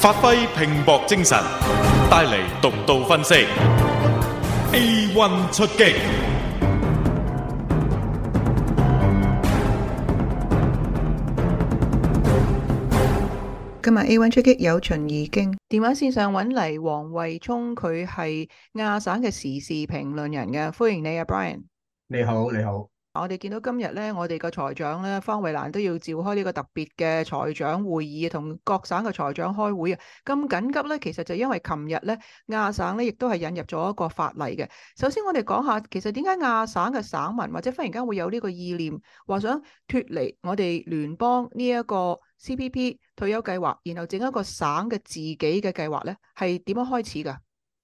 發揮拼搏精神，帶嚟獨到分析。A one 出擊，今日 A one 出擊有秦怡經電話線上揾嚟，黃慧聰佢係亞省嘅時事評論人嘅，歡迎你啊，Brian。你好，你好。啊，我哋見到今日咧，我哋個財長咧，方慧蘭都要召開呢個特別嘅財長會議，同各省嘅財長開會啊。咁緊急咧，其實就因為琴日咧亞省咧亦都係引入咗一個法例嘅。首先我哋講下，其實點解亞省嘅省民或者忽然間會有呢個意念，話想脫離我哋聯邦呢一個 CPP 退休計劃，然後整一個省嘅自己嘅計劃咧，係點樣開始㗎？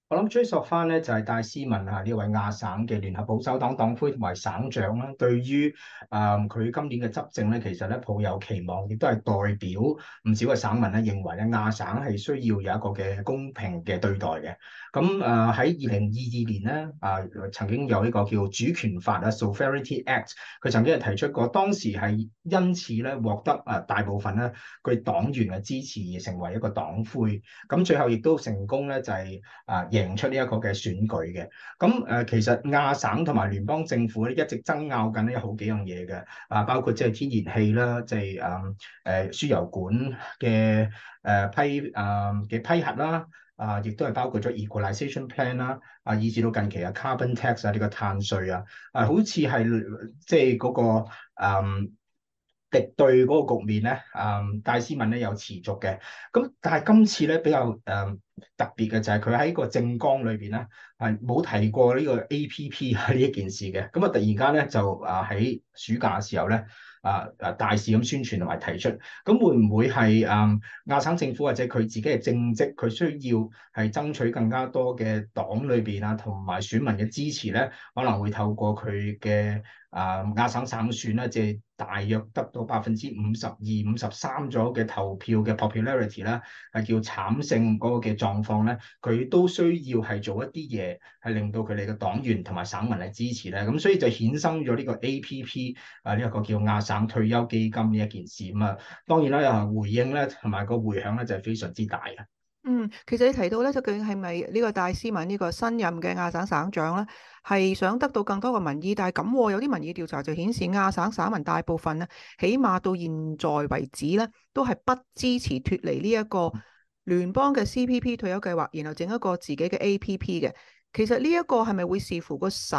我諗追溯翻咧，就係戴斯文吓呢位亞省嘅聯合保守黨黨魁同埋省長啦。對於誒佢今年嘅執政咧，其實咧抱有期望，亦都係代表唔少嘅省民咧，認為咧亞省係需要有一個嘅公平嘅對待嘅。咁誒喺二零二二年咧，啊、呃、曾經有一個叫主權法啊 s o f e i g n act），佢曾經係提出過，當時係因此咧獲得誒大部分咧佢黨員嘅支持而成為一個黨魁。咁最後亦都成功咧就係、是、誒。呃贏出呢一個嘅選舉嘅，咁誒、呃、其實亞省同埋聯邦政府咧一直爭拗緊呢好幾樣嘢嘅，啊包括即係天然氣啦，即係誒誒輸油管嘅誒批誒嘅批核啦，啊亦都係包括咗 equalisation plan 啦、啊，啊以至到近期啊 carbon tax 啊呢、呢個碳稅啊，啊好似係即係嗰個、嗯敵對嗰個局面咧，啊，戴斯文咧有持續嘅，咁但係今次咧比較誒特別嘅就係佢喺個政綱裏邊咧係冇提過呢個 A P P 喺呢一件事嘅，咁啊突然間咧就啊喺暑假嘅時候咧。啊啊大事咁宣傳同埋提出，咁會唔會係誒、啊、亞省政府或者佢自己嘅政績，佢需要係爭取更加多嘅黨裏邊啊同埋選民嘅支持咧？可能會透過佢嘅啊亞省省選啦，即係大約得到百分之五十二、五十三左右嘅投票嘅 popularity 啦，係叫慘勝嗰個嘅狀況咧，佢都需要係做一啲嘢係令到佢哋嘅黨員同埋省民嚟支持咧。咁所以就衍生咗呢個 APP 啊呢一個叫亞省，退休基金呢一件事啊，當然啦，有回應咧，同埋個回響咧就係非常之大嘅。嗯，其實你提到咧，就究竟係咪呢個戴斯文呢個新任嘅亞省省長咧，係想得到更多嘅民意，但係咁有啲民意調查就顯示亞省省民大部分咧，起碼到現在為止咧，都係不支持脫離呢一個聯邦嘅 CPP 退休計劃，然後整一個自己嘅 APP 嘅。其實呢一個係咪會視乎個省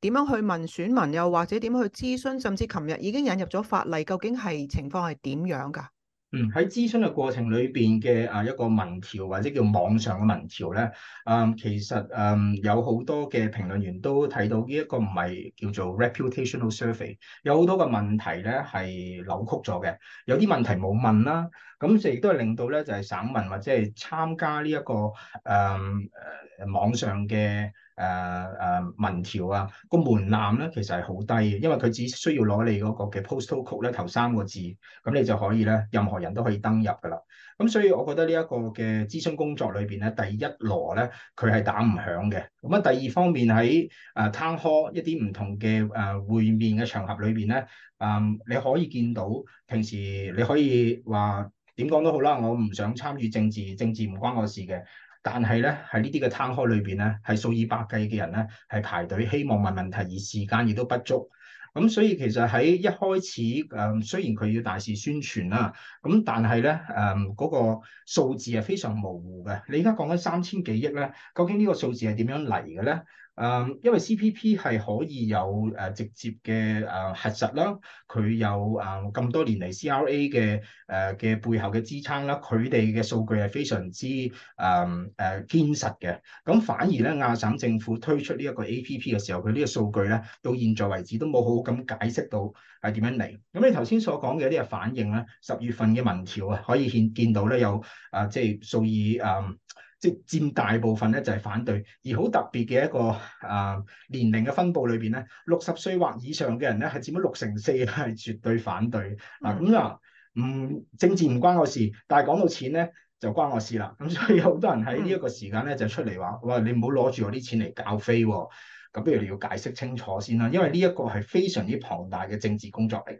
點樣去問選民，又或者點樣去諮詢，甚至琴日已經引入咗法例，究竟係情況係點樣㗎？嗯，喺諮詢嘅過程裏邊嘅啊一個民調或者叫網上嘅民調咧，啊、嗯、其實啊、嗯、有好多嘅評論員都睇到呢一個唔係叫做 reputational survey，有好多嘅問題咧係扭曲咗嘅，有啲問題冇問啦。咁亦都係令到咧，就係省民或者係參加呢、這、一個誒誒、嗯、網上嘅誒誒民調啊，個門檻咧其實係好低嘅，因為佢只需要攞你嗰個嘅 postal code 咧頭三個字，咁你就可以咧，任何人都可以登入㗎啦。咁所以我覺得呢一個嘅諮詢工作裏邊咧，第一鑼咧佢係打唔響嘅。咁啊，第二方面喺誒 town hall 一啲唔同嘅誒會面嘅場合裏邊咧，誒、嗯、你可以見到平時你可以話。點講都好啦，我唔想參與政治，政治唔關我事嘅。但係咧，喺呢啲嘅攤開裏面咧，係數以百計嘅人咧，係排隊希望問問題，而時間亦都不足。咁、嗯、所以其實喺一開始誒、嗯，雖然佢要大肆宣傳啦，咁、嗯、但係咧誒嗰個數字係非常模糊嘅。你而家講緊三千幾億咧，究竟呢個數字係點樣嚟嘅咧？誒、嗯，因為 C P P 係可以有誒直接嘅誒核實啦，佢有誒咁多年嚟 C R A 嘅誒嘅、呃、背後嘅支撐啦，佢哋嘅數據係非常之誒誒、嗯呃、堅實嘅。咁反而咧亞省政府推出呢一個 A P P 嘅時候，佢呢個數據咧到現在為止都冇好。咁解釋到係點樣嚟？咁你頭先所講嘅一啲嘅反應咧，十月份嘅民調啊，可以見見到咧，有、呃、啊，即係數以啊、呃，即係佔大部分咧，就係反對。而好特別嘅一個啊、呃、年齡嘅分佈裏邊咧，六十歲或以上嘅人咧，係佔咗六成四係 絕對反對。嗱咁、嗯、啊，唔政治唔關我事，但係講到錢咧。就關我事啦，咁所以好多人喺呢一個時間咧就出嚟話：「哇！你唔好攞住我啲錢嚟搞飛喎，咁不如你要解釋清楚先啦，因為呢一個係非常之龐大嘅政治工作嚟嘅。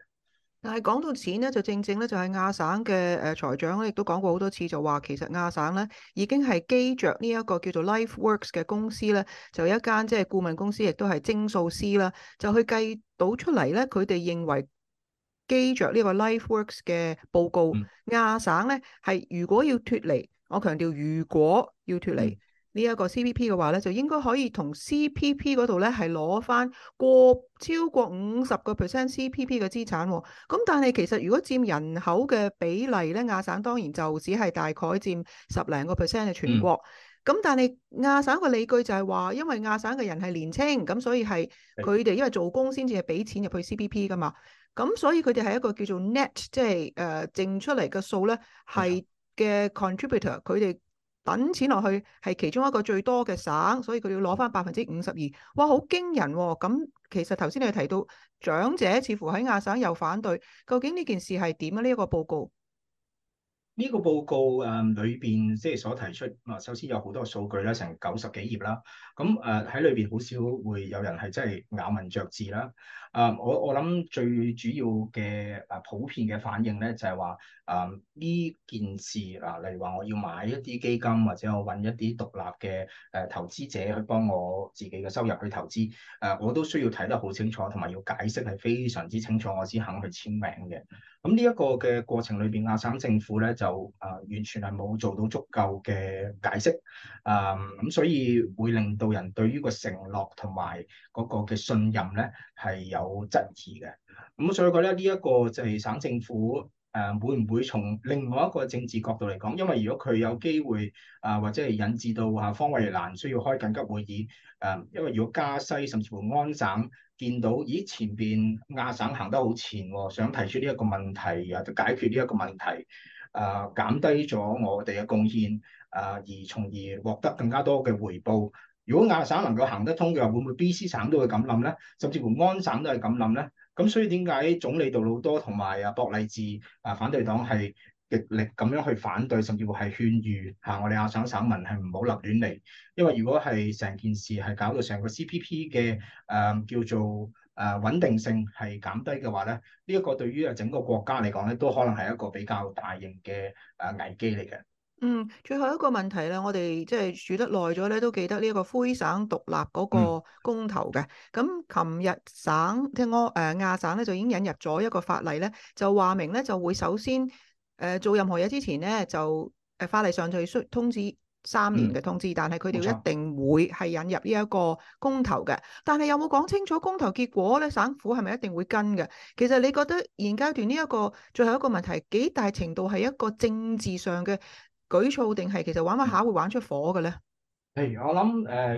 但係講到錢咧，就正正咧就係亞省嘅誒財長咧，亦都講過好多次，就話其實亞省咧已經係基着呢一個叫做 LifeWorks 嘅公司咧，就有一間即係顧問公司，亦都係精算師啦，就去計到出嚟咧，佢哋認為，基着呢個 LifeWorks 嘅報告，亞、嗯、省咧係如果要脫離，我強調如果要脫離呢一個 CPP 嘅話咧，嗯、就應該可以同 CPP 嗰度咧係攞返過超過五十個 percent CPP 嘅資產、哦。咁但係其實如果佔人口嘅比例咧，亞省當然就只係大概佔十零個 percent 嘅全國。嗯咁但係亞省嘅理據就係話，因為亞省嘅人係年青，咁所以係佢哋因為做工先至係俾錢入去 CPP 噶嘛，咁所以佢哋係一個叫做 net，即係誒淨出嚟嘅數咧，係嘅 contributor，佢哋等錢落去係其中一個最多嘅省，所以佢哋要攞翻百分之五十二，哇，好驚人喎、哦！咁其實頭先你提到長者似乎喺亞省有反對，究竟呢件事係點啊？呢、這、一個報告。呢個報告誒裏邊即係所提出，啊首先有好多數據啦，成九十幾頁啦，咁誒喺裏邊好少會有人係真係咬文嚼字啦。誒、呃、我我諗最主要嘅誒普遍嘅反應咧就係話誒呢件事，嗱、呃、例如話我要買一啲基金或者我揾一啲獨立嘅誒、呃、投資者去幫我自己嘅收入去投資，誒、呃、我都需要睇得好清楚，同埋要解釋係非常之清楚，我先肯去簽名嘅。咁呢一個嘅過程裏邊亞省政府咧就。就誒完全係冇做到足夠嘅解釋，誒、嗯、咁所以會令到人對於個承諾同埋嗰個嘅信任呢係有質疑嘅。咁、嗯、所以我覺得呢一個就係省政府誒、嗯、會唔會從另外一個政治角度嚟講？因為如果佢有機會誒、啊、或者係引致到啊方慧蘭需要開緊急會議誒、嗯，因為如果加西甚至乎安省見到咦前邊亞省行得好前，想提出呢一個問題或者解決呢一個問題。解決誒、呃、減低咗我哋嘅貢獻，誒、呃、而從而獲得更加多嘅回報。如果亞省能夠行得通嘅話，會唔會 BC 省都會咁諗呢？甚至乎安省都係咁諗呢？咁所以點解總理杜魯多同埋啊博利治啊反對黨係極力咁樣去反對，甚至乎係勸喻亞我哋亞省省民係唔好立亂嚟，因為如果係成件事係搞到成個 CPP 嘅誒、呃、叫做。誒、啊、穩定性係減低嘅話咧，呢、這、一個對於誒整個國家嚟講咧，都可能係一個比較大型嘅誒危機嚟嘅。嗯，最後一個問題咧，我哋即係住得耐咗咧，都記得呢一個魁省獨立嗰個公投嘅。咁琴、嗯、日省聽我誒亞省咧，就已經引入咗一個法例咧，就話明咧就會首先誒、呃、做任何嘢之前咧，就誒法例上就需通知。三年嘅通知，但係佢哋一定會係引入呢一個公投嘅。但係有冇講清楚公投結果咧？省府係咪一定會跟嘅？其實你覺得現階段呢一個最後一個問題幾大程度係一個政治上嘅舉措，定係其實玩玩下會玩出火嘅咧？譬如我諗誒、呃、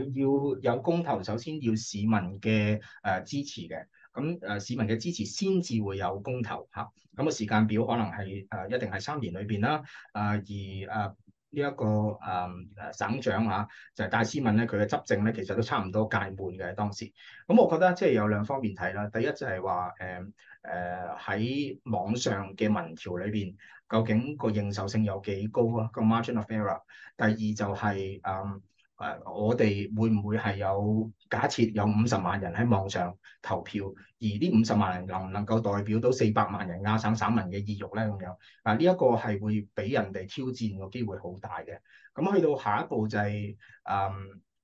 要有公投，首先要市民嘅誒、呃、支持嘅。咁誒、呃、市民嘅支持先至會有公投吓。咁、啊那個時間表可能係誒、呃、一定係三年裏邊啦。誒、呃，而誒。呃呢一，這個誒誒，嗯、省長嚇，啊、就係，是，戴斯敏咧，佢嘅執政咧其實都差唔多屆滿嘅當時。咁我覺得即係有兩方面睇啦，第一就係話誒誒喺網上嘅民調裏邊，究竟個認受性有幾高啊，個 margin of error。第二就係，是，誒。嗯誒、呃，我哋會唔會係有假設有五十萬人喺網上投票，而呢五十萬人能唔能夠代表到四百萬人亞省省民嘅意欲呢？咁樣啊，呢、這、一個係會俾人哋挑戰個機會好大嘅。咁、嗯、去到下一步就係、是、誒、呃，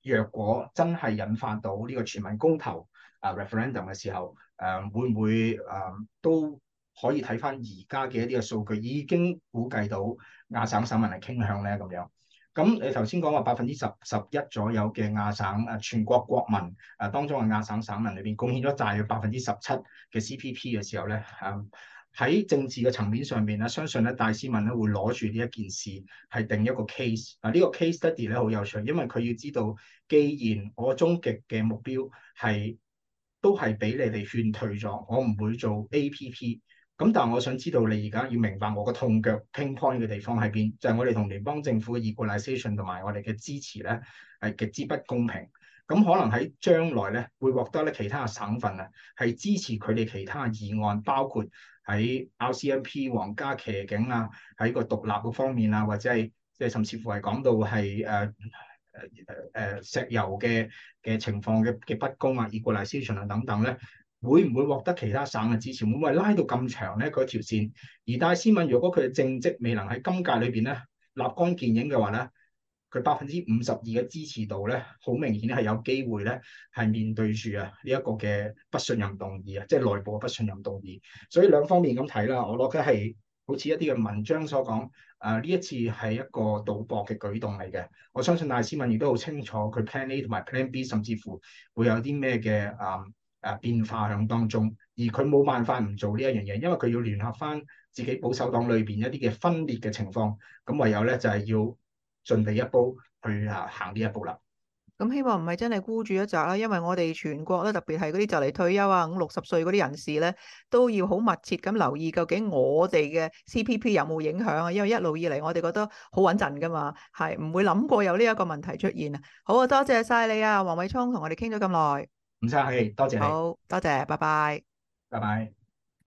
若果真係引發到呢個全民公投啊、呃、referendum 嘅時候，誒、呃、會唔會誒、呃、都可以睇翻而家嘅一啲嘅數據，已經估計到亞省省民嘅傾向呢？咁樣。咁你頭先講話百分之十十一左右嘅亞省誒全國國民誒、啊、當中嘅亞省省民裏邊貢獻咗大約百分之十七嘅 CPP 嘅時候咧，喺、啊、政治嘅層面上面咧，相信咧大市民咧會攞住呢一件事係定一個 case，啊。嗱、這、呢個 case study 咧好有趣，因為佢要知道，既然我終極嘅目標係都係俾你哋勸退咗，我唔會做 APP。咁但係我想知道你而家要明白我個痛腳 pinpoint 嘅地方喺邊？就係我哋同聯邦政府嘅 equalization 同埋我哋嘅支持咧係極之不公平。咁可能喺將來咧會獲得咧其他省份啊係支持佢哋其他議案，包括喺 RCMP 皇家騎警啊，喺個獨立嘅方面啊，或者係即係甚至乎係講到係誒誒誒石油嘅嘅情況嘅嘅不公啊，equalization 啊等等咧。會唔會獲得其他省嘅支持？會唔會拉到咁長咧嗰條線？而戴思敏，如果佢嘅政績未能喺今屆裏邊咧立竿見影嘅話咧，佢百分之五十二嘅支持度咧，好明顯係有機會咧，係面對住啊呢一個嘅不信任動議啊，即係內部嘅不信任動議。所以兩方面咁睇啦，我覺得係好似一啲嘅文章所講，誒、呃、呢一次係一個賭博嘅舉動嚟嘅。我相信戴思敏亦都好清楚佢 plan A 同埋 plan B，甚至乎會有啲咩嘅誒？呃誒、啊，變化響當中，而佢冇辦法唔做呢一樣嘢，因為佢要聯合翻自己保守黨裏邊一啲嘅分裂嘅情況，咁唯有咧就係、是、要盡地一步去啊行呢一步啦。咁希望唔係真係孤注一擲啦，因為我哋全國咧，特別係嗰啲就嚟退休啊，五六十歲嗰啲人士咧，都要好密切咁留意究竟我哋嘅 C P P 有冇影響啊，因為一路以嚟我哋覺得好穩陣噶嘛，係唔會諗過有呢一個問題出現啊。好啊，多謝晒你啊，黃偉聰，同我哋傾咗咁耐。唔使客氣，多謝你，好多謝，拜拜，拜拜。